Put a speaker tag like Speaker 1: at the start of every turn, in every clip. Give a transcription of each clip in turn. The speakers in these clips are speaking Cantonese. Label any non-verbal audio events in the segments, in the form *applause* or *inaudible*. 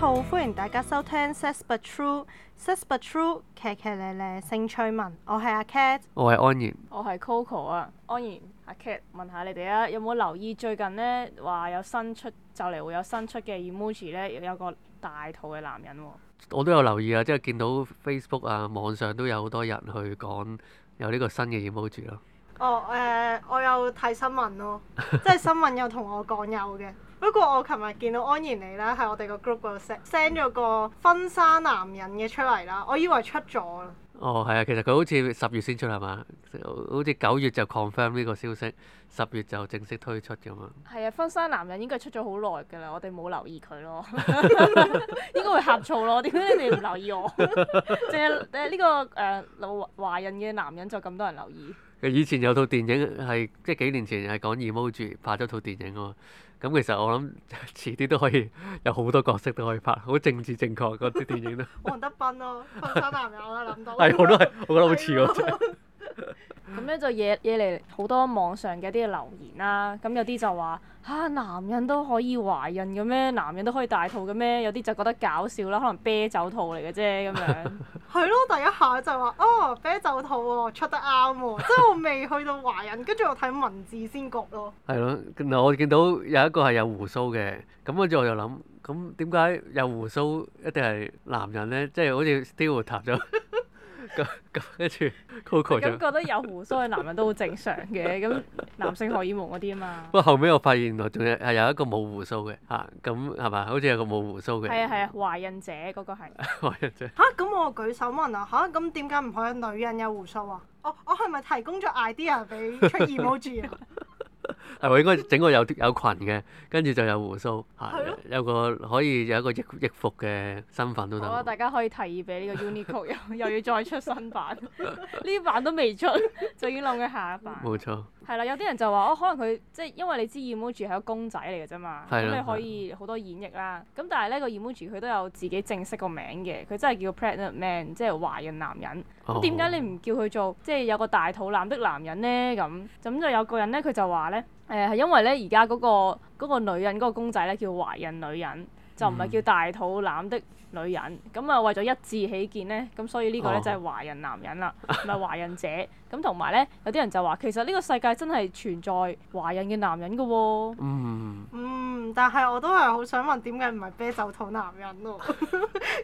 Speaker 1: 好，歡迎大家收聽 Says but True，Says but True，劇劇烈烈性趣聞。我係阿 Cat，我係安然，我係 Coco
Speaker 2: 啊。安然，阿 Cat，問下你哋啊，有冇留意最近呢話有新出，就嚟會有新出嘅 emoji 咧，有個大肚嘅男人喎、
Speaker 3: 啊。我都有留意啊，即係見到 Facebook 啊，網上都有好多人去講有呢個新嘅 emoji 咯、
Speaker 1: 啊。哦，誒、呃，我有睇新聞咯、啊， *laughs* 即係新聞有同我講有嘅。不過我琴日見到安然你啦，喺我哋個 group 嗰度 send send 咗個婚紗男人嘅出嚟啦，我以為出咗啦。
Speaker 3: 哦，係啊，其實佢好似十月先出係嘛？好似九月就 confirm 呢個消息，十月就正式推出㗎嘛。
Speaker 2: 係啊，婚紗男人應該出咗好耐㗎啦，我哋冇留意佢咯， *laughs* 應該會呷醋咯。點解你唔留意我？淨係誒呢個誒老、呃、華人嘅男人就咁多人留意。
Speaker 3: 以前有套電影，係即係幾年前，係講 emoji 拍咗套電影啊嘛，咁其實我諗遲啲都可以有好多角色都可以拍，好政治正確嗰啲電影咯。 *laughs* 王德斌咯、啊，後生男友啦，諗到。係，我都係，我覺得好似嗰出。
Speaker 2: 咁咧、嗯、就惹惹嚟好多網上嘅一啲留言啦、啊，咁有啲就話吓、啊，男人都可以懷孕嘅咩？男人都可以大肚嘅咩？有啲就覺得搞笑啦，可能啤酒肚嚟嘅啫咁樣。
Speaker 1: 係咯， *laughs* 第一下就話哦啤酒肚喎、哦，出得啱喎、哦，即係我未去到懷孕，跟住 *laughs* 我睇文字先覺咯。
Speaker 3: 係咯，嗱，我見到有一個係有胡鬚嘅，咁跟住我就諗，咁點解有胡鬚一定係男人咧？即、就、係、是、好似 still tap 咗。 *laughs* 咁咁，跟住 Coco 覺
Speaker 2: 得有胡鬚嘅男人都好正常嘅，咁 *laughs* 男性荷爾蒙嗰啲啊嘛。
Speaker 3: 不過後尾我發現仲有係有一個冇胡鬚嘅嚇，咁係咪？好似有個冇胡鬚嘅。係啊係
Speaker 1: 啊，懷孕者嗰個係。
Speaker 3: *laughs* 懷孕者。
Speaker 1: 嚇、啊！咁我舉手問啊嚇！咁點解唔可以女人有胡鬚啊？我我係咪提供咗 idea 俾出二 m 住？啊？ *laughs*
Speaker 3: 係，我 *laughs* 應該整個有有裙嘅，跟住就有鬍鬚，的有個可以有一個易易服嘅身份都得。我覺、
Speaker 2: 啊、大家可以提議俾呢個 Uniqlo 又要再出新版，呢 *laughs* 版都未出， *laughs* 就已經諗緊下一版。冇錯。係啦，有啲人就話哦，可能佢即係因為你知 Emoji 係一個公仔嚟嘅啫嘛，咁你可以好多演繹啦。咁但係呢個 Emoji 佢都有自己正式個名嘅，佢真係叫 Pregnant Man，即係懷孕男人。咁點解你唔叫佢做即係有個大肚腩的男人呢？咁咁就有個人呢，佢就話咧，誒係因為咧而家嗰個女人嗰個公仔咧叫懷孕女人，就唔係叫大肚腩的。嗯女人咁啊，為咗一致起見咧，咁所以呢個咧、哦、就係華人男人啦，唔係華人者，咁同埋咧，有啲人就話其實
Speaker 1: 呢個世界真係存在華人嘅男人噶喎、
Speaker 3: 哦。嗯。嗯，
Speaker 1: 但係我都係好想問點解唔係啤酒肚男人喎？ *laughs*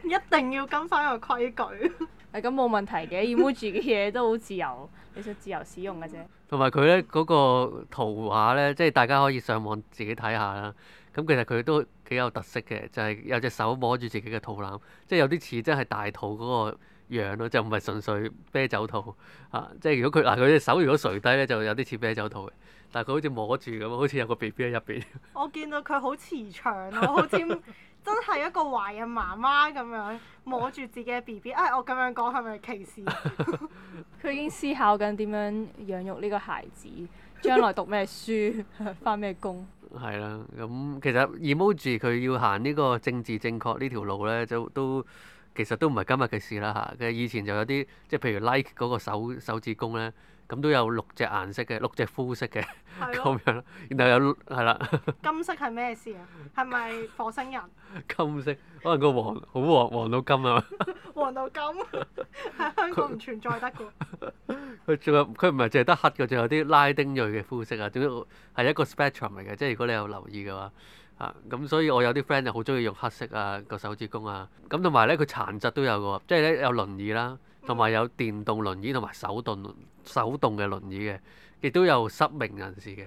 Speaker 1: 一定要跟翻個規
Speaker 2: 矩。係，咁冇問題嘅，emoji 嘅嘢都好自由，你想自由使用嘅啫。
Speaker 3: 同埋佢咧嗰個圖畫咧，即係大家可以上網自己睇下啦。咁其實佢都幾有特色嘅，就係有隻手摸住自己嘅肚腩，即係有啲似真係大肚嗰個樣咯，就唔係純粹啤酒肚啊！即係如果佢，嗱佢隻手如果垂低咧，就有啲似啤酒肚，但係佢好似摸住咁，好似有個 B B 喺入邊。
Speaker 1: 我見到佢好慈祥啊， *laughs* 好似真係一個懷孕媽媽咁樣摸住自己嘅 B B。哎，我咁樣講係咪歧視？
Speaker 2: 佢 *laughs* 已經思考緊點樣養育呢個孩子，將來讀咩書，返 *laughs* 咩工。
Speaker 3: 係啦，咁其實 emoji 佢要行呢個政治正確呢條路咧，就都其實都唔係今日嘅事啦嚇。嘅以前就有啲，即譬如 like 嗰個手手指公咧。咁都有六隻顏色嘅，六隻膚色嘅咁的樣，然後有係啦。
Speaker 1: 金色係咩事啊？係咪火星人？
Speaker 3: *laughs* 金色可能個黃好黃黃到金啊！
Speaker 1: 黃到金，喺 *laughs* *laughs* 香港唔存在得
Speaker 3: 㗎。佢仲 *laughs* 有佢唔係淨係得黑嘅，仲有啲拉丁裔嘅膚色啊。總之係一個 spectrum 嚟嘅，即係如果你有留意嘅話啊。咁所以我有啲 friend 就好中意用黑色啊個手指公啊。咁同埋咧佢殘疾都有㗎，即係咧有輪椅啦。同埋有電動輪椅同埋手動手動嘅輪椅嘅，亦都有失明人士嘅，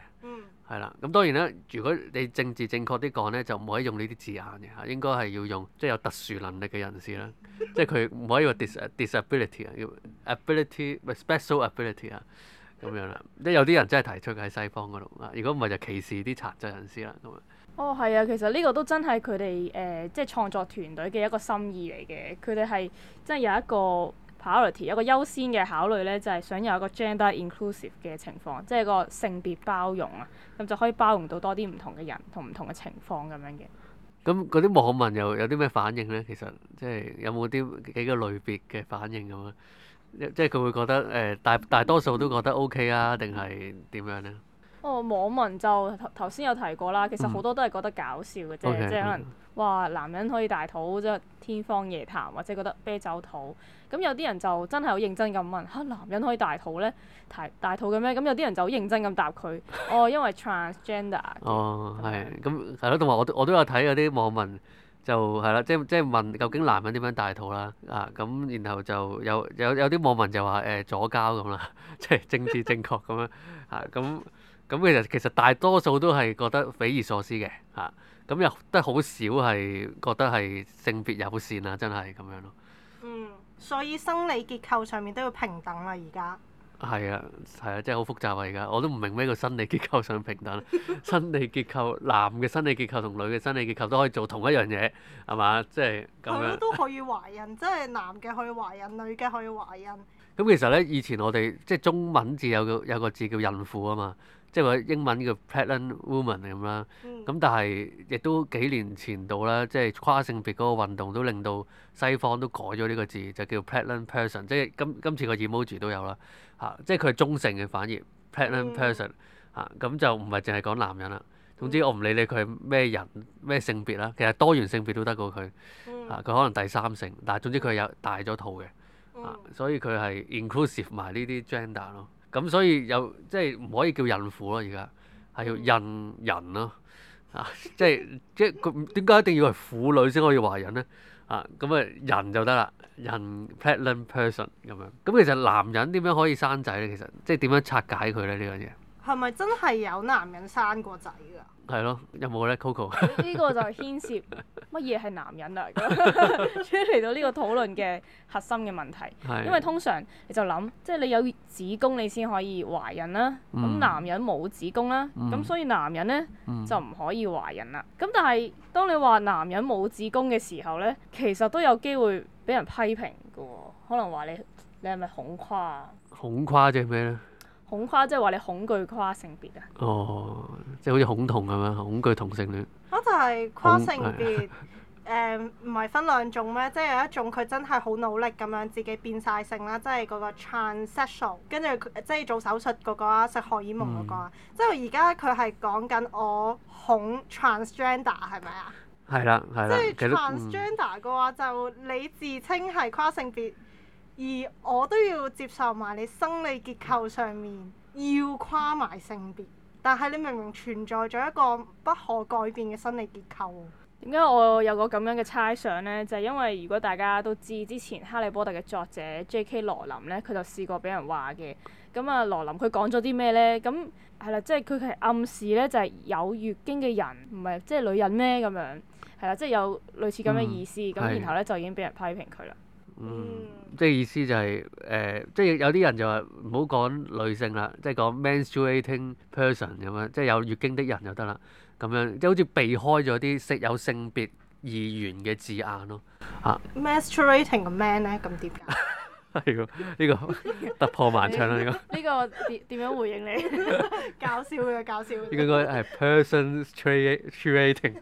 Speaker 3: 係啦、嗯。咁當然啦，如果你政治正確啲講咧，就唔可以用呢啲字眼嘅，應該係要用即係、就是、有特殊能力嘅人士啦。 *laughs* 即係佢唔可以話 disability 啊，要 ability 咪 special ability 啊，咁樣啦。即係有啲人真係提出嘅喺西方嗰度啦。如果唔係就歧視啲殘疾人士啦咁樣。
Speaker 2: 哦，係啊，其實呢個都真係佢哋誒即係創作團隊嘅一個心意嚟嘅。佢哋係真係有一個。Priority 有個優先嘅考慮咧，就係想有一個 gender inclusive 嘅情況，即係個性別包容啊，咁就可以包容到多啲唔同嘅人同唔同嘅情況咁樣
Speaker 3: 嘅。咁嗰啲網民又有啲咩反應咧？其實即係有冇啲幾個類別嘅反應咁啊？即係佢會覺得誒、呃，大大多數都覺得 OK 啊，定係點樣咧？
Speaker 2: 哦，網民就頭頭先有提過啦，其實好多都係覺得搞笑嘅啫，Okay. 即係可能話男人可以大肚，即係天方夜譚，或者覺得啤酒肚。咁有啲人就真係好認真咁問，吓、啊，男人可以大肚咧？大肚嘅咩？咁有啲人就好認真咁答佢，哦，因為 transgender。 *laughs* 哦，係，
Speaker 3: 咁係咯，同埋、嗯、我我都有睇有啲網民就係啦，即即、即係、問究竟男人點樣大肚啦？啊，咁然後就有有有啲網民就話誒、呃、左膠咁啦，即係政治正確咁樣啊咁。咁其實其實大多數都係覺得匪夷所思嘅，嚇咁又得好少係覺得係性別友善啊，真係咁樣咯。嗯，
Speaker 1: 所以生理結構上面都要平等啦，而家。
Speaker 3: 係啊，係啊，真係好複雜啊！而家我都唔明咩叫生理結構上平等。 *laughs* 生理結構男嘅生理結構同女嘅生理結構都可以做同一樣嘢，係嘛？即係咁樣。都
Speaker 1: 可以懷孕，即係 *laughs* 男嘅可以懷孕，女嘅可以懷孕。
Speaker 3: 咁其實咧，以前我哋即係中文字有個有個字叫孕婦啊嘛，即係話英文叫 pregnant woman 咁啦。咁、嗯、但係亦都幾年前度啦，即係跨性別嗰個運動都令到西方都改咗呢個字，就叫 pregnant person。即係今今次個 emoji 都有啦，嚇！即係佢係中性嘅，反而 pregnant person 嚇，咁、嗯、就唔係淨係講男人啦。總之我唔理你佢係咩人咩性別啦，其實多元性別都得過佢嚇，佢、嗯、可能第三性，但係總之佢有大咗肚嘅。啊，所以佢係 inclusive 埋呢啲 gender 咯，咁、啊、所以又即係唔可以叫孕婦咯，而家係要孕人咯、啊，啊，即係即係佢點解一定要係婦女先可以懷孕咧？啊，咁啊人就得啦，人 pregnant person 咁樣，咁、啊、其實男人點樣可以生仔咧？其實即係點樣拆解佢咧呢樣嘢？
Speaker 1: 係咪真係有男人生過仔㗎？
Speaker 3: 係咯，有冇咧 Coco？呢
Speaker 1: *laughs* 個
Speaker 2: 就牽涉乜嘢係男人啦咁，先 *laughs* 嚟到呢個討論嘅核心嘅問題。係。因為通常你就諗，即係你有子宮你先可以懷孕啦。嗯。咁男人冇子宮啦。嗯。咁所以男人呢，嗯、就唔可以懷孕啦。咁但係當你話男人冇子宮嘅時候呢，其實都有機會俾人批評㗎喎。可能話你你係咪恐跨啊？
Speaker 3: 恐跨即係咩咧？
Speaker 2: 恐跨即係話你
Speaker 1: 恐懼跨性別
Speaker 3: 啊？哦，即係好似恐同咁樣？恐懼同性戀。
Speaker 1: 啊，就係跨性別誒，唔係分兩種咩？即係有一種佢真係好努力咁樣自己變晒性啦，即係嗰個 transsexual，跟住即係做手術嗰個啊，食荷爾蒙嗰個啊。即係而家佢係講緊我恐 transgender 係咪啊？
Speaker 3: 係啦，係啦。即係 transgender
Speaker 1: 嘅話，就你自稱係跨性別。而我都要接受埋你生理結構上面要跨埋性別，但係你明明存在咗一個不可改變嘅生理結構。
Speaker 2: 點解我有個咁樣嘅猜想呢？就係、是、因為如果大家都知之前《哈利波特》嘅作者 J.K. 羅琳呢，佢就試過俾人話嘅。咁啊，羅琳佢講咗啲咩呢？咁係啦，即係佢係暗示呢，就係、是、有月經嘅人唔係即係女人咩咁樣？係啦，即、就、係、是、有類似咁嘅意思。咁、嗯、然後呢，的就已經俾人批評佢啦。
Speaker 3: 嗯，即係意思就係、是、誒、呃，即係有啲人就話唔好講女性啦，即係講 menstruating person 咁樣，即係有月經的人就得啦，咁樣即係好似避開咗啲有性別意願嘅字眼咯。嚇
Speaker 1: ，menstruating 嘅 man 咧咁點
Speaker 3: 解？ *music* 係噶，呢個 *laughs* 突破盲腸啦！呢 *laughs* 個呢個點
Speaker 1: 點樣回應你？ *laughs*
Speaker 3: 搞笑嘅，搞笑嘅。 *laughs* 應該係 person s treating，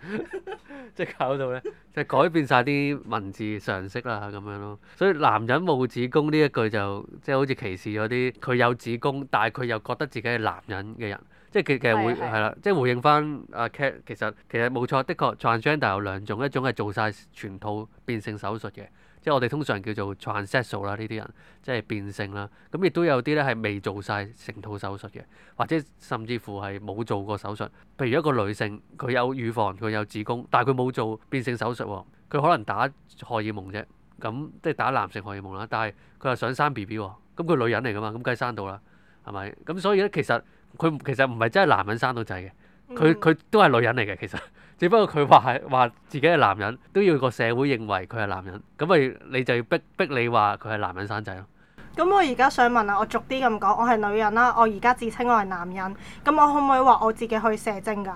Speaker 3: 即 *laughs* 係搞到咧，即、就、係、是、改變晒啲文字常識啦咁樣咯。所以男人冇子宮呢一句就即係、就是、好似歧視咗啲佢有子宮，但係佢又覺得自己係男人嘅人。即、就、係、是、其實會係啦，即係是是、就是、回應翻阿 Cat，其實其實冇錯，的確 transgender 有兩種，一種係做晒全套變性手術嘅。即係我哋通常叫做 transsexual 啦，呢啲人即係變性啦。咁亦都有啲咧，係未做晒成套手術嘅，或者甚至乎係冇做過手術。譬如一個女性，佢有乳房，佢有子宮，但係佢冇做變性手術喎，佢可能打荷爾蒙啫。咁即係打男性荷爾蒙啦。但係佢又想生 B B 喎，咁佢女人嚟噶嘛？咁梗係生到啦，係咪？咁所以咧，其實佢其實唔係真係男人生到仔嘅。佢佢、嗯、都係女人嚟嘅，其實，只不過佢話係話自己係男人，都要個社會認為佢係男人，咁咪你就要逼逼你話佢係男人生仔咯。
Speaker 1: 咁、嗯、我而家想問啊，我逐啲咁講，我係女人啦，我而家自稱我係男人，咁我可唔可以話我自己去射精㗎？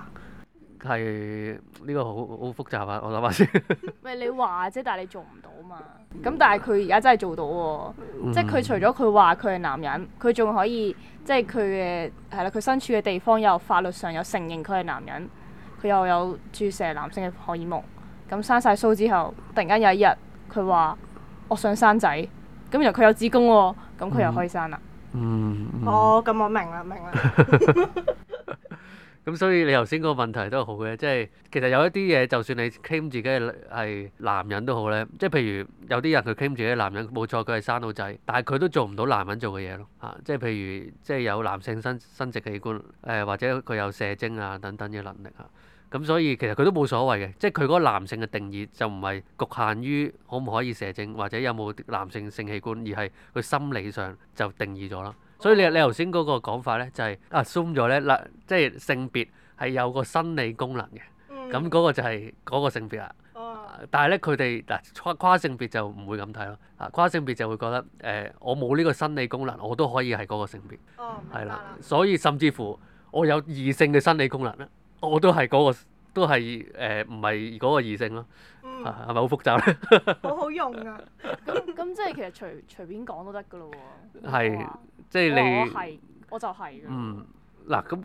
Speaker 3: 係呢個好好複雜啊！我諗下先。
Speaker 2: 喂，你話啫，但係你做唔到嘛？咁但係佢而家真係做到喎、哦，嗯、即係佢除咗佢話佢係男人，佢仲可以即係佢嘅係啦，佢身處嘅地方有法律上有承認佢係男人，佢又有注射男性嘅荷爾蒙，咁生晒鬚之後，突然間有一日佢話我想生仔，咁然後佢有子宮喎、哦，咁佢又可以生啦、嗯。
Speaker 1: 嗯。哦、嗯，
Speaker 2: 咁、oh, 我明啦，明啦。 *laughs*
Speaker 3: 咁所以你頭先嗰個問題都好嘅，即係其實有一啲嘢，就算你 claim 自己係男人都好咧，即係譬如有啲人佢 claim 自己係男人冇錯，佢係生到仔，但係佢都做唔到男人做嘅嘢咯，即係譬如即係有男性生生殖器官，誒、呃、或者佢有射精啊等等嘅能力嚇。咁、啊嗯、所以其實佢都冇所謂嘅，即係佢嗰個男性嘅定義就唔係局限於可唔可以射精或者有冇男性性器官，而係佢心理上就定義咗啦。所以你你頭先嗰個講法咧，就係 assume 咗咧嗱，即係性別係有個生理功能嘅，咁嗰、嗯、個就係嗰個性別啦。哦、但係咧，佢哋嗱跨性別就唔會咁睇咯。啊，跨性別就會覺得誒、呃，我冇呢個生理功能，我都可以係嗰個性別。係啦、哦，所以甚至乎我有異性嘅生理功能咧，我都係嗰、嗰個。都係誒，唔係嗰個異性咯，係咪好複雜咧？ *laughs* 好
Speaker 2: 好用啊！咁咁即係其實隨隨便講都得噶咯喎。係是，說即係你。哦、我我就係。
Speaker 3: 嗯，嗱，咁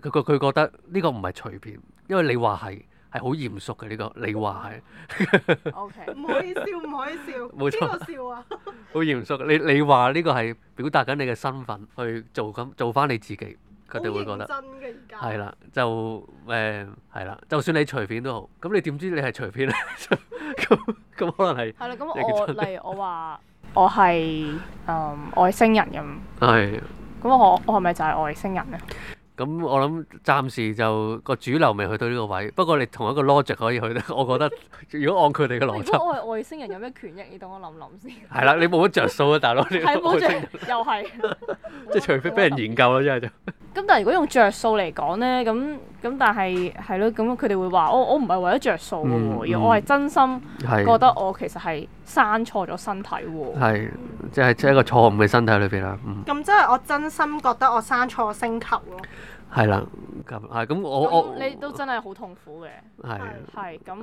Speaker 3: 佢佢覺得呢個唔係隨便，因為你話係係好嚴肅嘅呢個，你話係。O K，唔可以笑，唔可以笑。冇錯。邊個笑啊？好 *laughs* 嚴肅，你你話呢個係表達緊你嘅身份，去做咁做返你自己。佢哋會覺得真嘅而家係啦，就誒係啦，就算你隨便都好，咁你點知你係隨便啊？咁咁可能係係啦。咁、嗯、我例如我話
Speaker 2: 我係誒外星人咁，係、哦、咁、啊啊、我我係咪就係外星人咧？
Speaker 3: 咁我諗暫時就個主流未去到呢個位，不過你同一個 logic 可以去得。我覺得如果按佢哋嘅邏輯，外
Speaker 2: 星人有咩權益？你等我諗諗先。係啦，你
Speaker 3: 冇得着數啊，大佬。係冇着，又係即係除非俾人研究咯，真係就。
Speaker 2: 咁但係如果用着數嚟講咧，咁咁但係係咯，咁佢哋會話我我唔係為咗着
Speaker 1: 數，我係真心覺得我其實係生錯咗身體喎。
Speaker 3: 係的，即係即係一個錯誤嘅身體裏邊啦。
Speaker 1: 咁即係我真心覺得我生錯星球咯。
Speaker 3: 係啦的，咁係咁我我你都
Speaker 1: 真係好痛苦嘅。
Speaker 3: 係係咁。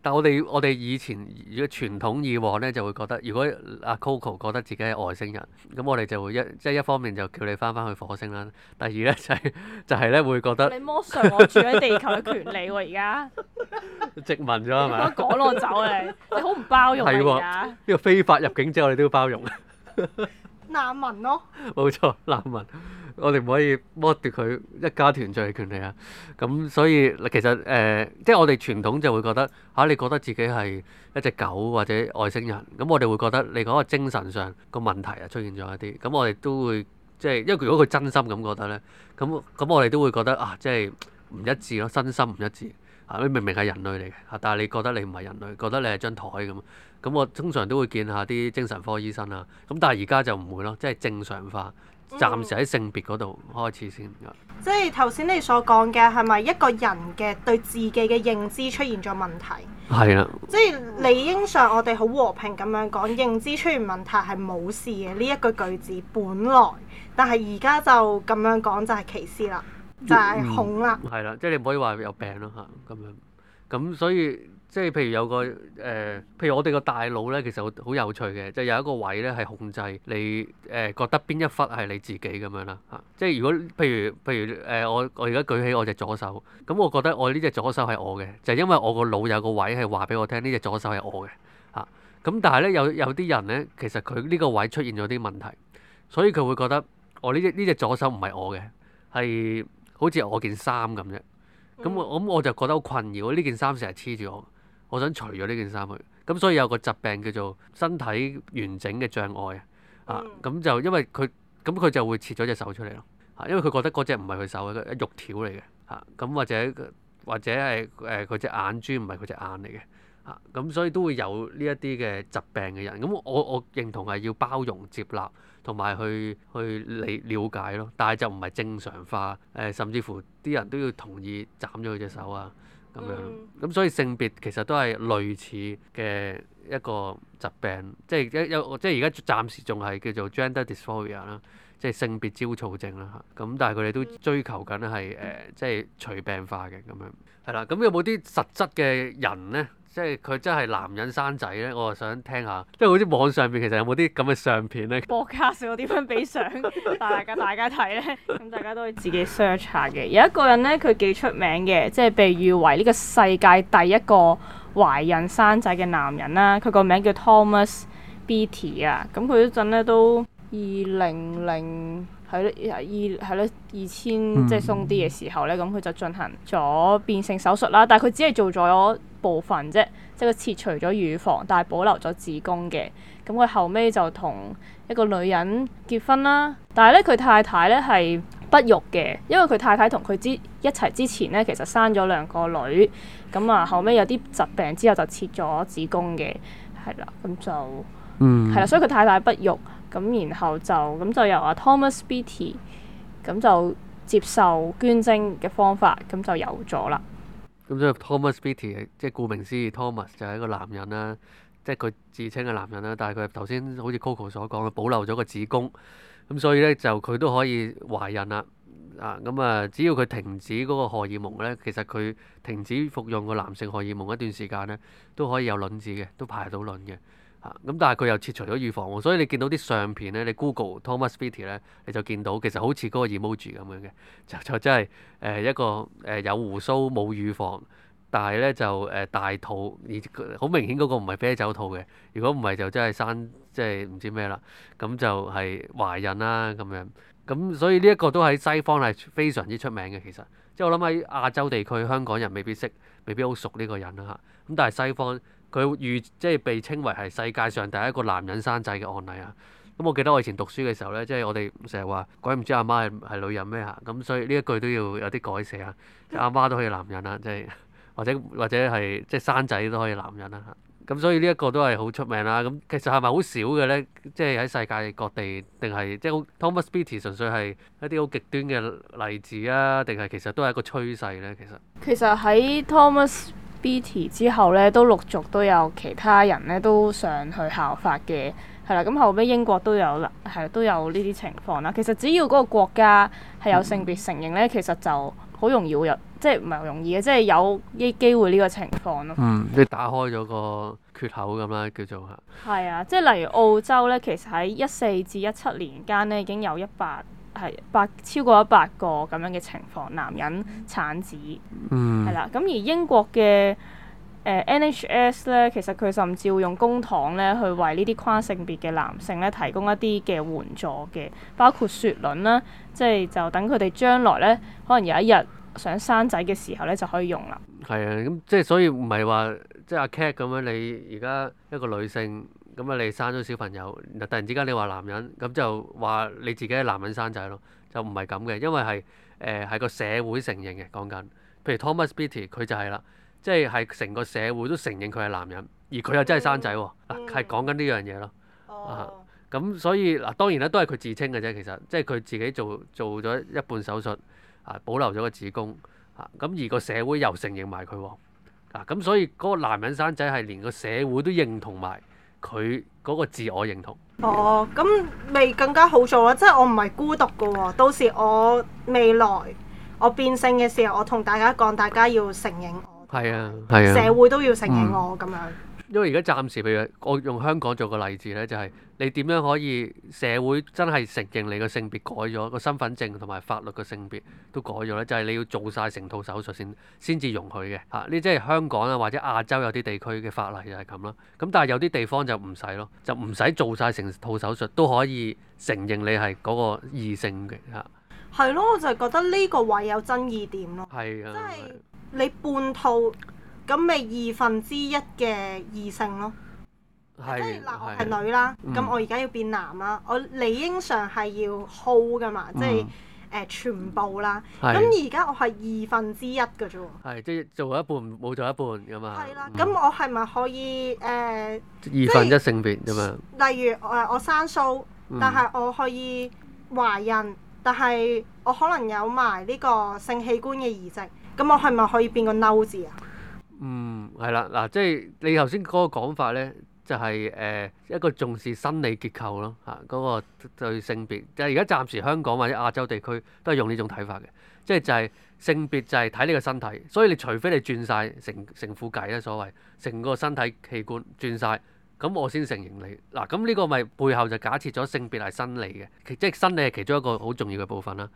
Speaker 3: 但係我哋我哋以前如果傳統以往咧，就會覺得如果阿 Coco 覺得自己係外星人，咁我哋就會一即係一方面就叫你翻翻去火星啦。第二咧就係、是、就係、是、咧會覺得你
Speaker 2: 剝削我住喺地球嘅權利喎，啊！而
Speaker 3: 家殖民咗係咪？
Speaker 2: 趕我走你，你好唔包容係喎？呢
Speaker 3: *laughs* 呢個非法入境之後，你都要包容。 *laughs* 難民咯，冇錯，難民。我哋唔可以剝奪佢一家團聚嘅權利啊。咁所以其實誒、呃，即係我哋傳統就會覺得嚇、啊，你覺得自己係一隻狗或者外星人咁，我哋會覺得你嗰個精神上個問題啊出現咗一啲。咁我哋都會即係、就是，因為如果佢真心咁覺得咧，咁咁我哋都會覺得啊，即係唔一致咯，身心唔一致啊。你明明係人類嚟嘅嚇，但係你覺得你唔係人類，覺得你係張枱咁。咁我通常都會見下啲精神科醫生啊。咁但係而家就唔會咯，即係正常化，
Speaker 1: 暫時喺
Speaker 3: 性別嗰度開始先。
Speaker 1: 即係頭先你所講嘅係咪一個人嘅對自己嘅認知出現咗問題？
Speaker 3: 係啦了。
Speaker 1: 即係理應上我哋好和平咁樣講，認知出現問題係冇事嘅呢一個句，句子本來，但係而家就咁樣講就係歧視啦，就係恐啦。
Speaker 3: 係啦、嗯，即係你唔可以話有病咯嚇，咁樣咁所以。即係譬如有個誒、呃，譬如我哋個大腦咧，其實好好有趣嘅，就有一個位咧係控制你誒、呃，覺得邊一忽係你自己咁樣啦、啊、即係如果譬如譬如誒、呃，我我而家舉起我隻左手，咁、嗯、我覺得我呢隻左手係我嘅，就係、因為我個腦有個位係話俾我聽，呢隻左手係我嘅嚇。咁、啊、但係咧有有啲人咧，其實佢呢個位出現咗啲問題，所以佢會覺得我呢隻呢隻左手唔係我嘅，係好似我件衫咁啫。咁我咁我就覺得好困擾，呢件衫成日黐住我。我想除咗呢件衫佢，咁所以有個疾病叫做身體完整嘅障礙啊，咁就因為佢咁佢就會切咗隻手出嚟咯，啊，因為佢覺得嗰隻唔係佢手嘅，肉條嚟嘅，嚇、啊、咁或者或者係誒佢隻眼珠唔係佢隻眼嚟嘅，啊，咁所以都會有呢一啲嘅疾病嘅人，咁我我認同係要包容接納同埋去去理了解咯，但係就唔係正常化，誒、啊、甚至乎啲人都要同意斬咗佢隻手啊。咁樣，咁所以性別其實都係類似嘅一個疾病，即係一一即係而家暫時仲係叫做 gender dysphoria 啦，即係性別焦躁症啦。咁但係佢哋都追求緊係誒，即係除病化嘅咁樣，係啦。咁有冇啲實質嘅人咧？即係佢真係男人生仔咧，我就想聽下，即係好似網上邊其實有冇啲咁嘅相片咧？
Speaker 2: 博卡少啲分俾相大家 *laughs* 大家睇咧，咁大家都可以自己 search 下嘅。有一個人咧，佢幾出名嘅，即係被譽為呢個世界第一個懷孕生仔嘅男人啦。佢個名叫 Thomas Beattie 啊，咁佢嗰陣咧都二零零。喺二係咯二千即係鬆啲嘅時候咧，咁佢就進行咗變性手術啦。但係佢只係做咗部分啫，即佢切除咗乳房，但係保留咗子宮嘅。咁佢後尾就同一個女人結婚啦。但係咧，佢太太咧係不育嘅，因為佢太太同佢之一齊之前咧，其實生咗兩個女。咁啊，後尾有啲疾病之後就切咗子宮嘅，係啦。咁就，嗯，係啦，所以佢太太不育。咁然後就咁就由阿 Thomas Beatty 咁就接受捐精嘅方法，咁就有咗啦。
Speaker 3: 咁所以 Thomas Beatty，即係顧名思義，Thomas 就係一個男人啦，即係佢自稱嘅男人啦。但係佢頭先好似 Coco 所講，佢保留咗個子宮，咁所以咧就佢都可以懷孕啦。啊，咁啊，只要佢停止嗰個荷爾蒙咧，其實佢停止服用個男性荷爾蒙一段時間咧，都可以有卵子嘅，都排到卵嘅。嚇！咁但係佢又切除咗預防喎，所以你見到啲相片咧，你 Google Thomas Vitti 咧，你就見到其實好似嗰個 emoji 咁樣嘅，就就真係誒、呃、一個誒、呃、有鬍鬚冇預防，但係咧就誒、呃、大肚，好明顯嗰個唔係啤酒肚嘅。如果唔係就真係生即係唔知咩啦，咁、嗯、就係、是、懷孕啦咁樣。咁、嗯、所以呢一個都喺西方係非常之出名嘅，其實。即係我諗喺亞洲地區，香港人未必識，未必好熟呢個人啦嚇。咁但係西方。佢預即係被稱為係世界上第一個男人生仔嘅案例啊！咁我記得我以前讀書嘅時候咧，即係我哋成日話鬼唔知阿媽係係女人咩啊！咁所以呢一句都要有啲改寫啊！阿媽都可以男人啊，即係或者或者係即係生仔都可以男人啊！咁所以呢一個都係好出名啦。咁其實係咪好少嘅咧？即係喺世界各地定係即係 Thomas Beatty 純粹係一啲好極端嘅例子啊？定係其實都係一個趨勢咧？其實
Speaker 2: 其實喺 Thomas。b e t t 之後咧，都陸續都有其他人咧都上去效法嘅，係啦。咁後尾英國都有啦，係都有呢啲情況啦。其實只要嗰個國家係有性別承認咧，嗯，其實就好容易會有，即係唔係容易嘅，即係有呢機會呢個情況咯。嗯，你
Speaker 3: 打開咗個缺口咁啦，叫做嚇。
Speaker 2: 係啊，即係例如澳洲咧，其實喺一四至一七年間咧，已經有一百。係超過一百個咁樣嘅情況，男人產子，係啦、嗯。咁而英國嘅 NHS 呢，其實佢甚至會用公帑呢去為呢啲跨性別嘅男性呢提供一啲嘅援助嘅，包括雪卵啦，即係就等佢哋將來呢，可能有一日想生仔嘅時候呢就可以用啦。
Speaker 3: 係啊，咁即係所以唔係話即係阿 Cat 咁樣，你而家一個女性。咁啊！你生咗小朋友，突然之間你話男人咁就話你自己係男人生仔咯，就唔係咁嘅，因為係誒係個社會承認嘅講緊。譬如 Thomas Beatie，佢就係啦，即係係成個社會都承認佢係男人，而佢又真係生仔喎。嗱係講緊呢樣嘢咯。哦。咁所以嗱，當然咧都係佢自稱嘅啫。其實即係佢自己做做咗一半手術啊，保留咗個子宮啊。咁而個社會又承認埋佢喎。嗱、啊、咁、啊嗯、所以嗰個男人生仔係連個社會都認同埋。佢嗰個自我認同，
Speaker 1: 哦，咁未更加好做囉！即係我唔係孤獨㗎喎，到時我未來我變性嘅時候，我同大家講，大家要承認我，
Speaker 3: 係啊，係啊，社會都要承認
Speaker 1: 我咁樣。嗯
Speaker 3: 因為而家暫時，譬如我用香港做個例子咧，就係你點樣可以社會真係承認你個性別改咗個身份證同埋法律個性別都改咗咧？就係你要做晒成套手術先先至容許嘅嚇。呢即係香港啊，或者亞洲有啲地區嘅法例就係咁啦。咁但係有啲地方就唔使咯，就唔使做晒成套手術都可以承認你係嗰個異性嘅嚇。係
Speaker 1: 咯，我就係覺得呢個位有爭議點咯，係啊，即係你半套。咁咪二分之一嘅異性咯，
Speaker 3: 即係嗱，我係女啦。咁、嗯、我而
Speaker 1: 家要變男啦，我理應上係要 hold 噶嘛，即係誒全部啦。咁而家我係二分之一嘅啫
Speaker 3: 喎，係即係做一半冇做一半咁啊。係啦的，
Speaker 1: 咁、嗯、我係咪可以誒、呃、二分一性
Speaker 3: 別咁啊、
Speaker 1: 就是？例如誒，我生數，但係我、嗯、我可以懷孕，但係我可能有埋呢個性器官嘅移植，咁我係咪可以變個嬲字啊？
Speaker 3: 嗯，係啦，嗱、啊，即係你頭先嗰個講法咧，就係、是、誒、呃、一個重視生理結構咯，嚇、啊、嗰、那個對性別，就係而家暫時香港或者亞洲地區都係用呢種睇法嘅，即係就係性別就係睇你個身體，所以你除非你轉晒成成副偈咧，所謂成個身體器官轉晒。咁我先承認你嗱，咁呢個咪背後就假設咗性別係生理嘅，即、就、係、是、生理係其中一個好重要嘅部分啦。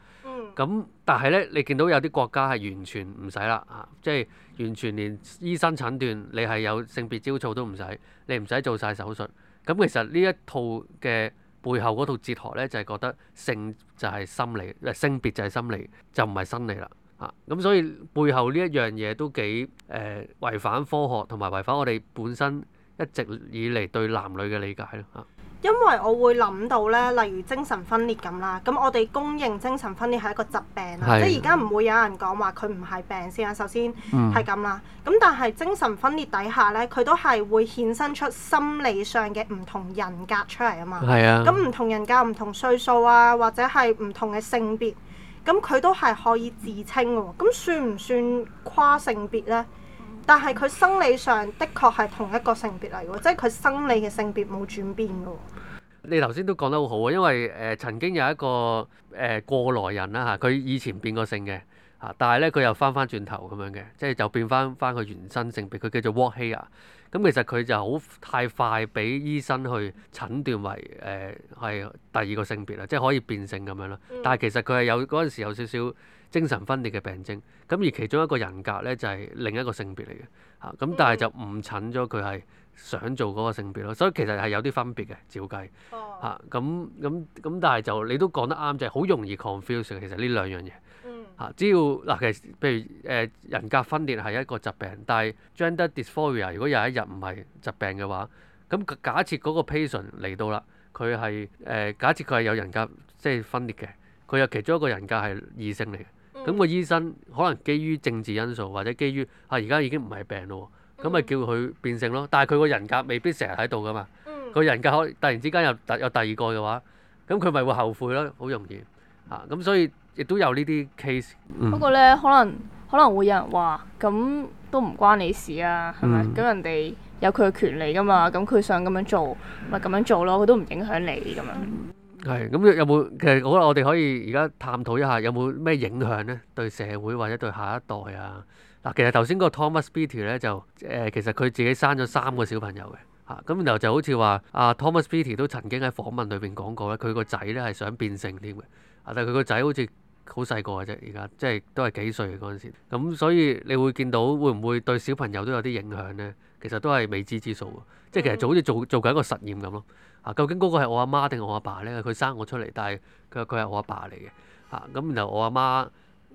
Speaker 3: 咁、嗯、但係咧，你見到有啲國家係完全唔使啦，啊，即係完全連醫生診斷你係有性別焦躁都唔使，你唔使做晒手術。咁其實呢一套嘅背後嗰套哲學咧，就係、是、覺得性就係心理，性別就係心理，就唔係生理啦。啊，咁所以背後呢一樣嘢都幾誒、呃、違反科學同埋違反我哋本身一直以嚟對男女嘅理解咯，
Speaker 1: 因為我會諗到咧，例如精神分裂咁啦，咁我哋公認精神分裂係一個疾病啦、啊，啊、即係而家唔會有人講話佢唔係病先啊。首先係咁啦，咁、嗯、但係精神分裂底下咧，佢都係會衍生出心理上嘅唔同人格出嚟啊嘛。係啊，咁唔同人格唔同歲數啊，或者係唔同嘅性別，咁佢都係可以自稱喎。咁算唔算跨性別咧？但係佢生理上的確係同一個性別嚟嘅喎，即係佢生理嘅性別冇轉變嘅喎。
Speaker 3: 你頭先都講得好好喎，因為誒曾經有一個誒過來人啦嚇，佢以前變過性嘅嚇，但係咧佢又翻翻轉頭咁樣嘅，即係就變翻翻佢原生性別，佢叫做 w a 沃希亞。咁其實佢就好太快俾醫生去診斷為誒係、呃、第二個性別啦，即係可以變性咁樣啦。但係其實佢係有嗰陣時有少少。精神分裂嘅病症，咁而其中一個人格咧就係、是、另一個性別嚟嘅，嚇，咁但係就誤診咗佢係想做嗰個性別咯，所以其實係有啲分別嘅，照計嚇咁咁咁，但係就你都講得啱，就係、是、好容易 confuse 其實呢兩樣嘢，嚇，只要嗱，其實譬如誒、呃、人格分裂係一個疾病，但係 gender dysphoria 如果有一日唔係疾病嘅話，咁假設嗰個 patient 嚟到啦，佢係誒假設佢係有人格即係分裂嘅，佢有其中一個人格係異性嚟。咁個醫生可能基於政治因素，或者基於啊，而家已經唔係病咯，咁咪叫佢變性咯。但係佢個人格未必成日喺度㗎嘛，個、嗯、人格可突然之間有第有第二個嘅話，咁佢咪會後悔咯，好容易嚇。咁、啊、所以亦都有呢啲 case。嗯、不過
Speaker 2: 咧，可能可能會有人話：咁都唔關你事啊，係咪？咁、嗯、人哋有佢嘅權利㗎嘛，咁佢想咁樣做咪咁樣做咯，佢都唔影響你咁樣。嗯
Speaker 3: 係咁，有冇其實好啦，我哋可以而家探討一下有冇咩影響咧？對社會或者對下一代啊？嗱、呃，其實頭先個 Thomas Beatty 咧就誒，其實佢自己生咗三個小朋友嘅嚇，咁、啊、然後就好似話阿 Thomas Beatty 都曾經喺訪問裏邊講過咧，佢個仔咧係想變性添嘅，但係佢個仔好似好細個嘅啫，而家即係都係幾歲嗰陣時，咁所以你會見到會唔會對小朋友都有啲影響咧？其實都係未知之數喎，即係其實就好似做做緊一個實驗咁咯。啊，究竟嗰個係我阿媽定我阿爸咧？佢生我出嚟，但係佢話佢係我阿爸嚟嘅，嚇、啊、咁。然後我阿媽，媽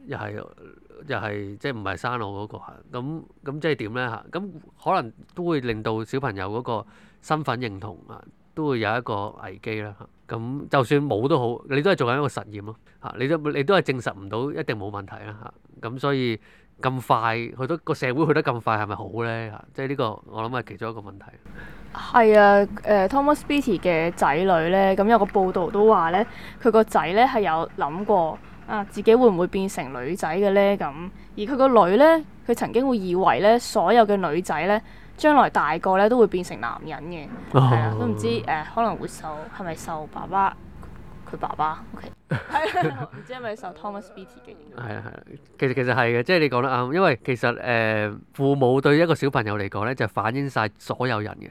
Speaker 3: 又係又係即係唔係生我嗰、那個嚇？咁、啊、咁、嗯嗯、即係點咧嚇？咁、啊、可能都會令到小朋友嗰個身份認同啊，都會有一個危機啦嚇。咁、啊啊、就算冇都好，你都係做緊一個實驗咯嚇、啊，你都你都係證實唔到一定冇問題啦嚇。咁、啊啊啊啊啊、所以。咁快去到個社會去得咁快係咪好呢？嚇，即係呢個我諗係其中一個問題。
Speaker 2: 係啊，誒、呃、Thomas Beatty 嘅仔女呢，咁有個報道都話呢，佢個仔呢係有諗過啊，自己會唔會變成女仔嘅呢。咁而佢個女呢，佢曾經會以為呢所有嘅女仔呢，將來大個呢都會變成男人嘅，係、oh. 啊，都唔知誒、啊、可能會受係咪受爸爸。佢爸爸，OK，係 *laughs* 啦， *laughs* 唔知係咪受 Thomas Beatty 嘅影響？
Speaker 3: 係啊係啊，其實其實係嘅，即係你講得啱，因為其實誒、呃、父母對一個小朋友嚟講咧，就反映晒所有人嘅。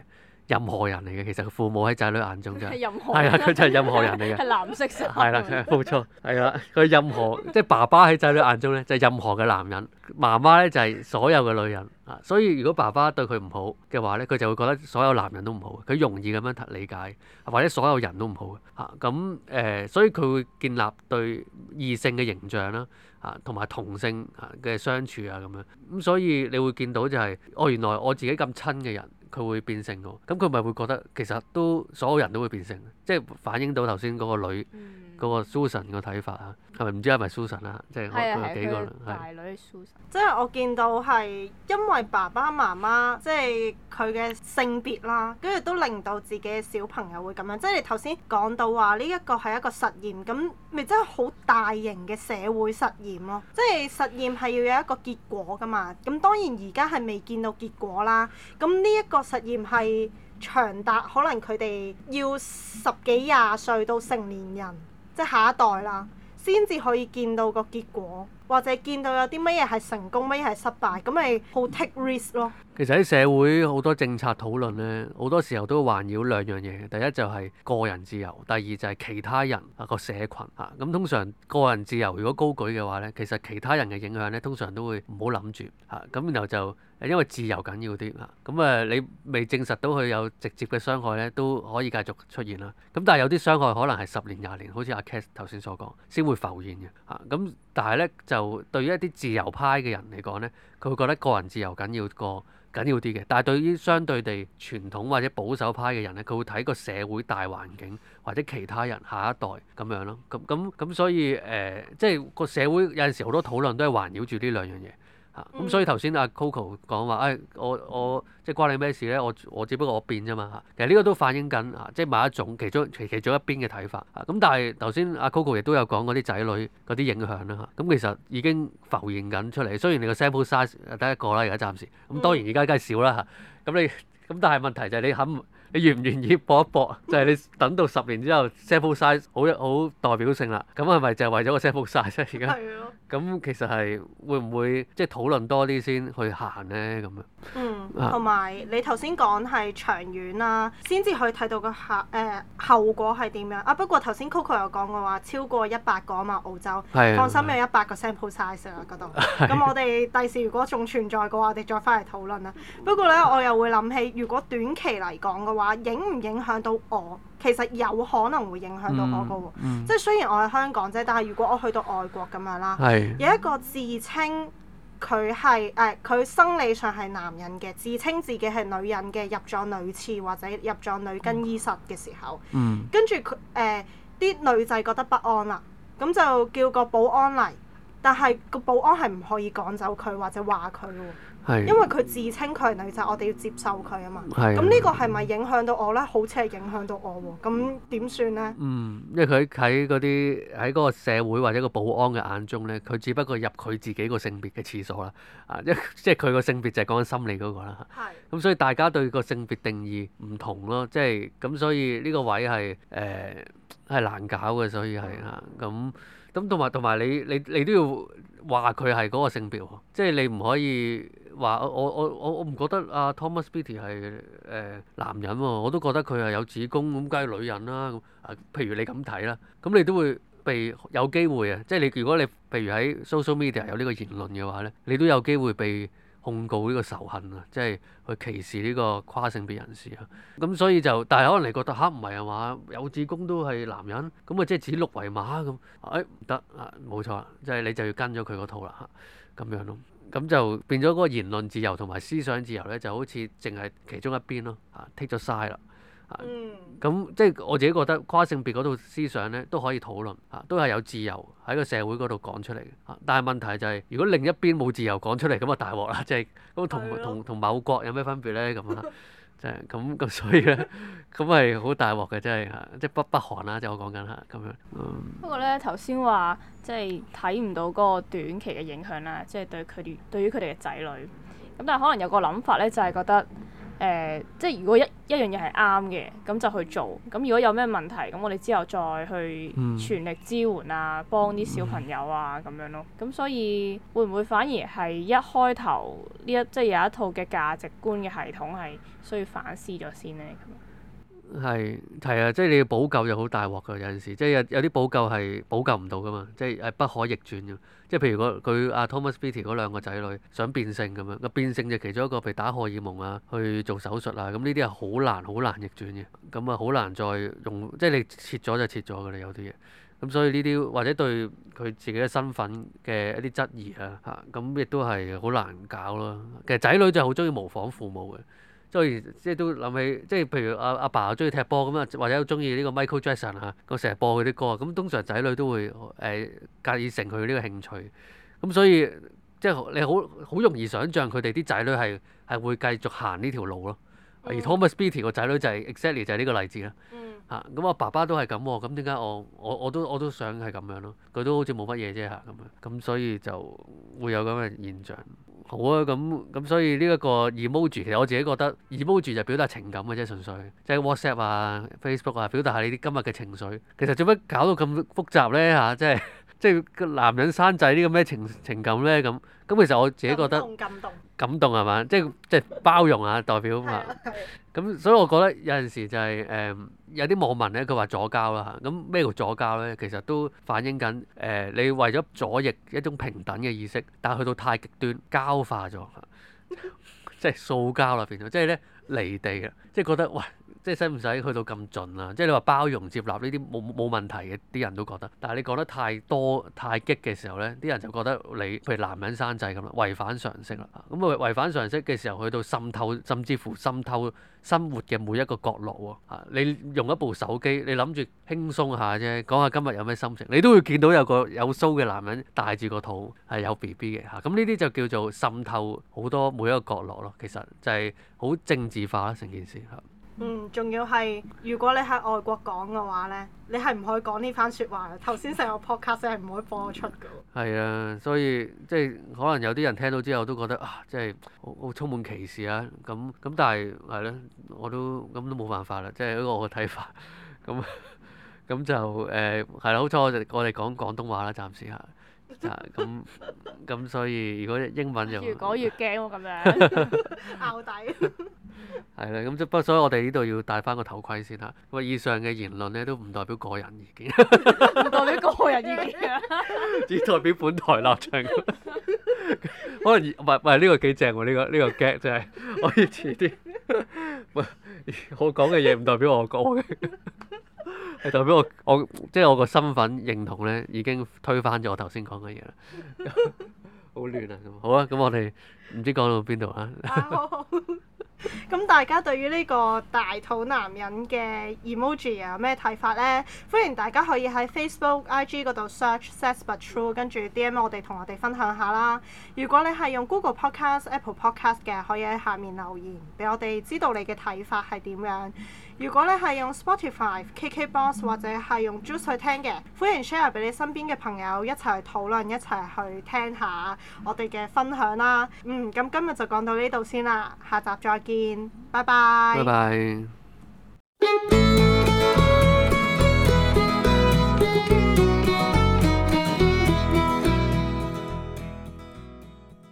Speaker 3: 任何人嚟嘅，其實父母喺仔女眼中就係任何，係啊，佢就係任何人嚟嘅，
Speaker 2: 係 *laughs* 藍色色，係啦，
Speaker 3: 冇錯，係啦，佢任何 *laughs* 即係爸爸喺仔女眼中咧，就係任何嘅男人；媽媽咧就係所有嘅女人啊。所以如果爸爸對佢唔好嘅話咧，佢就會覺得所有男人都唔好，佢容易咁樣理解，或者所有人都唔好啊。咁誒，所以佢會建立對異性嘅形象啦，啊，同埋同性嘅相處啊，咁樣咁，所以你會見到就係，哦，原來我自己咁親嘅人。佢會變性喎，咁佢咪會覺得其實都所有人都會變性，即、就是、反映到頭先嗰個女。嗯嗰個 Susan 個睇法啊，係咪唔知係咪 Susan 啊？即係我幾個係
Speaker 1: 女 Susan，即係我見到係因為爸爸媽媽即係佢嘅性別啦，跟住都令到自己嘅小朋友會咁樣。即係你頭先講到話呢一個係一個實驗，咁咪真係好大型嘅社會實驗咯。即係實驗係要有一個結果㗎嘛。咁當然而家係未見到結果啦。咁呢一個實驗係長達可能佢哋要十幾廿歲到成年人。即係下一代啦，先至可以見到個結果，或者見到有啲乜嘢係成功，乜嘢係失敗，咁咪好 take risk 咯。
Speaker 3: 其實喺社會好多政策討論呢，好多時候都環繞兩樣嘢。第一就係個人自由，第二就係其他人啊個社群。嚇、啊。咁通常個人自由如果高舉嘅話呢，其實其他人嘅影響呢，通常都會唔好諗住嚇。咁、啊、然後就。因為自由緊要啲嚇，咁、嗯、誒你未證實到佢有直接嘅傷害咧，都可以繼續出現啦。咁但係有啲傷害可能係十年廿年，好似阿 Cass 頭先所講，先會浮現嘅嚇。咁、嗯、但係咧，就對於一啲自由派嘅人嚟講咧，佢會覺得個人自由緊要過緊要啲嘅。但係對於相對地傳統或者保守派嘅人咧，佢會睇個社會大環境或者其他人下一代咁樣咯。咁咁咁，所以誒、呃，即係個社會有陣時好多討論都係環繞住呢兩樣嘢。咁所以頭先阿 Coco 講話，誒、哎、我我即係關你咩事咧？我我只不過我變啫嘛嚇。其實呢個都反映緊，即係某一種其中其其中一邊嘅睇法。咁但係頭先阿 Coco 亦都有講嗰啲仔女嗰啲影響啦嚇。咁其實已經浮現緊出嚟。雖然你個 sample size 得一個啦，而家暫時。咁當然而家梗係少啦嚇。咁你咁但係問題就係你肯你願唔願意搏一搏？就係你等到十年之後 *laughs* sample size 好好代表性啦。咁係咪就係為咗個 sample size 啫？而家。咁其實係會唔會即係討論多啲先去行呢？咁樣？
Speaker 1: 嗯，同埋你頭先講係長遠啦，先至去睇到個效誒後果係點樣啊？不過頭先 Coco 有講過話超過一百個啊嘛，澳洲放心有一百個 sample size 啦，嗰度。咁我哋第時如果仲存在嘅話，我哋再翻嚟討論啦。不過咧，我又會諗起，如果短期嚟講嘅話，影唔影響到我？其實有可能會影響到嗰個喎，嗯嗯、即係雖然我喺香港啫，但係如果我去到外國咁樣啦，是有一個自稱佢係誒佢生理上係男人嘅，自稱自己係女人嘅入咗女廁或者入咗女更衣室嘅時候，嗯嗯、跟住佢誒啲女仔覺得不安啦，咁就叫個保安嚟，但係個保安係唔可以趕走佢或者話佢喎。因為佢自稱佢係女仔，我哋要接受佢啊嘛。係啊。咁呢個係咪影響到我咧？好似係影響到我喎。咁點算咧？嗯，
Speaker 3: 因為佢喺嗰啲喺嗰個社會或者個保安嘅眼中咧，佢只不過入佢自己個性別嘅廁所啦。啊，一即係佢個性別就係講緊心理嗰個啦。係。咁所以大家對個性別定義唔同咯，即係咁，所以呢個位係誒係難搞嘅，所以係啊。咁咁同埋同埋你你你都要話佢係嗰個性別喎，即係你唔可以。話我我我我唔覺得阿 Thomas Beatty 係誒男人喎、喔，我都覺得佢係有子宮咁，梗係女人啦、啊。啊，譬如你咁睇啦，咁你都會被有機會啊，即係你如果你譬如喺 social media 有呢個言論嘅話咧，你都有機會被控告呢個仇恨啊，即係去歧視呢個跨性別人士啊。咁所以就，但係可能你覺得吓唔係啊嘛，有子宮都係男人，咁啊即係指鹿為馬咁。誒唔得啊，冇錯啊，即、就、係、是、你就要跟咗佢嗰套啦，嚇咁樣咯、啊。咁就變咗嗰個言論自由同埋思想自由咧，就好似淨係其中一邊咯，啊剔咗晒啦，啊咁即係我自己覺得跨性別嗰度思想咧都可以討論，啊都係有自由喺個社會嗰度講出嚟嘅、啊，但係問題就係、是、如果另一邊冇自由講出嚟，咁就大鑊啦，即係咁同同同某國有咩分別咧咁啊，啊？啊即係咁咁，所以咧，咁係好大鑊嘅，真係，即係北北韓啦，即係我講緊吓咁樣。嗯、
Speaker 2: 不過咧，頭先話即係睇唔到嗰個短期嘅影響啦，即係對佢哋，對於佢哋嘅仔女。咁但係可能有個諗法咧，就係、是、覺得。誒、呃，即係如果一一樣嘢係啱嘅，咁就去做。咁如果有咩問題，咁我哋之後再去全力支援啊，幫啲小朋友啊咁樣咯。咁所以會唔會反而係一開頭呢一即係有一套嘅價值觀嘅系統係需要反思咗先呢？
Speaker 3: 係係啊，即係你要補救就好大鑊㗎，有陣時即係有有啲補救係補救唔到㗎嘛，即係誒不可逆轉嘅。即係譬如講佢阿 Thomas Beatty 嗰兩個仔女想變性咁樣，個變性就其中一個被打荷爾蒙啊，去做手術啊，咁呢啲係好難好難逆轉嘅。咁啊好難再用，即係你切咗就切咗㗎啦，有啲嘢。咁、嗯、所以呢啲或者對佢自己嘅身份嘅一啲質疑啊，嚇咁亦都係好難搞咯。其實仔女就好中意模仿父母嘅。即係，即係都諗起，即係譬如阿阿爸中意踢波咁啊，或者中意呢個 Michael Jackson 啊，我成日播佢啲歌啊。咁通常仔女都會、欸、介意成佢呢個興趣。咁所以即係你好好容易想像佢哋啲仔女係係會繼續行呢條路咯。而 Thomas Beatty 個仔女就係、是、Exactly 就係呢個例子啦。嚇、嗯，咁、啊、我爸爸都係咁喎。咁點解我我我都我都想係咁樣咯。佢都好似冇乜嘢啫嚇咁樣。咁、啊、所以就會有咁嘅現象。好啊，咁咁所以呢一個 emoji 其實我自己覺得 emoji 就表達情感嘅啫，純粹即係、就是、WhatsApp 啊、Facebook 啊表達下你啲今日嘅情緒。其實做乜搞到咁複雜咧嚇？即、啊、係。即係個男人生仔呢個咩情情感咧咁咁，其實我自己覺得感動係嘛，即係即係包容啊，代表嘛。咁 *laughs* 所以我覺得有陣時就係、是、誒、呃、有啲網民咧，佢話左交啦，咁咩叫左膠咧？其實都反映緊誒、呃，你為咗左翼一種平等嘅意識，但係去到太極端，膠化咗 *laughs* 即係塑膠啦，變咗，即係咧離地啦，即係覺得喂。即係使唔使去到咁盡啦？即係你話包容、接納呢啲冇冇問題嘅啲人都覺得，但係你講得太多太激嘅時候咧，啲人就覺得你譬如男人生仔咁啦，違反常識啦。咁、嗯、違反常識嘅時候，去到滲透，甚至乎滲透生活嘅每一個角落喎。啊、嗯，你用一部手機，你諗住輕鬆下啫，講下今日有咩心情，你都會見到有個有鬚嘅男人帶住個肚係有 B B 嘅嚇。咁呢啲就叫做滲透好多每一個角落咯。其實就係好政治化啦成件事。
Speaker 1: 嗯，仲要係如果你喺外國講嘅話咧，你係唔可以講呢番説話。頭先成個 podcast 係唔可以播出嘅。
Speaker 3: 係啊，所以即係可能有啲人聽到之後都覺得啊，即係好好充滿歧視啊。咁咁但係係咯，我都咁都冇辦法啦。即係嗰個我嘅睇法。咁咁就誒係啦。欸、好彩我就我哋講廣東話啦，暫時嚇。啊，咁咁所以如果英文就越講
Speaker 2: 越驚喎，咁
Speaker 1: 樣
Speaker 3: 拗底。係啦，咁即不過，所以我哋呢度要戴翻個頭盔先吓。喂，以上嘅言論咧都唔代表個人意見，唔代表
Speaker 2: 個人意
Speaker 1: 見，只代表
Speaker 3: 本台立場。可能唔係唔係呢個幾正喎？呢個呢個鏡就係可以遲啲。喂，我講嘅嘢唔代表我講嘅。代表我，我即係我個身份認同咧，已經推翻咗我頭先講嘅嘢啦。 *laughs* *laughs* 好亂啊！咁好啊，咁我哋唔知講到邊度啦。
Speaker 1: 咁 *laughs* *laughs* 大家對於呢個大肚男人嘅 emoji 啊，有咩睇法咧？歡迎大家可以喺 Facebook、IG 嗰度 search says but true，跟住 DM 我哋，同我哋分享下啦。如果你係用 Google Podcast、Apple Podcast 嘅，可以喺下面留言，俾我哋知道你嘅睇法係點樣。如果你係用 Spotify、KKBox 或者係用 Juice 去聽嘅，歡迎 share 俾你身邊嘅朋友一齊討論，一齊去，去聽下我哋嘅分享啦。嗯，咁今日就講到呢度先啦，下集再見，拜拜。拜
Speaker 3: 拜。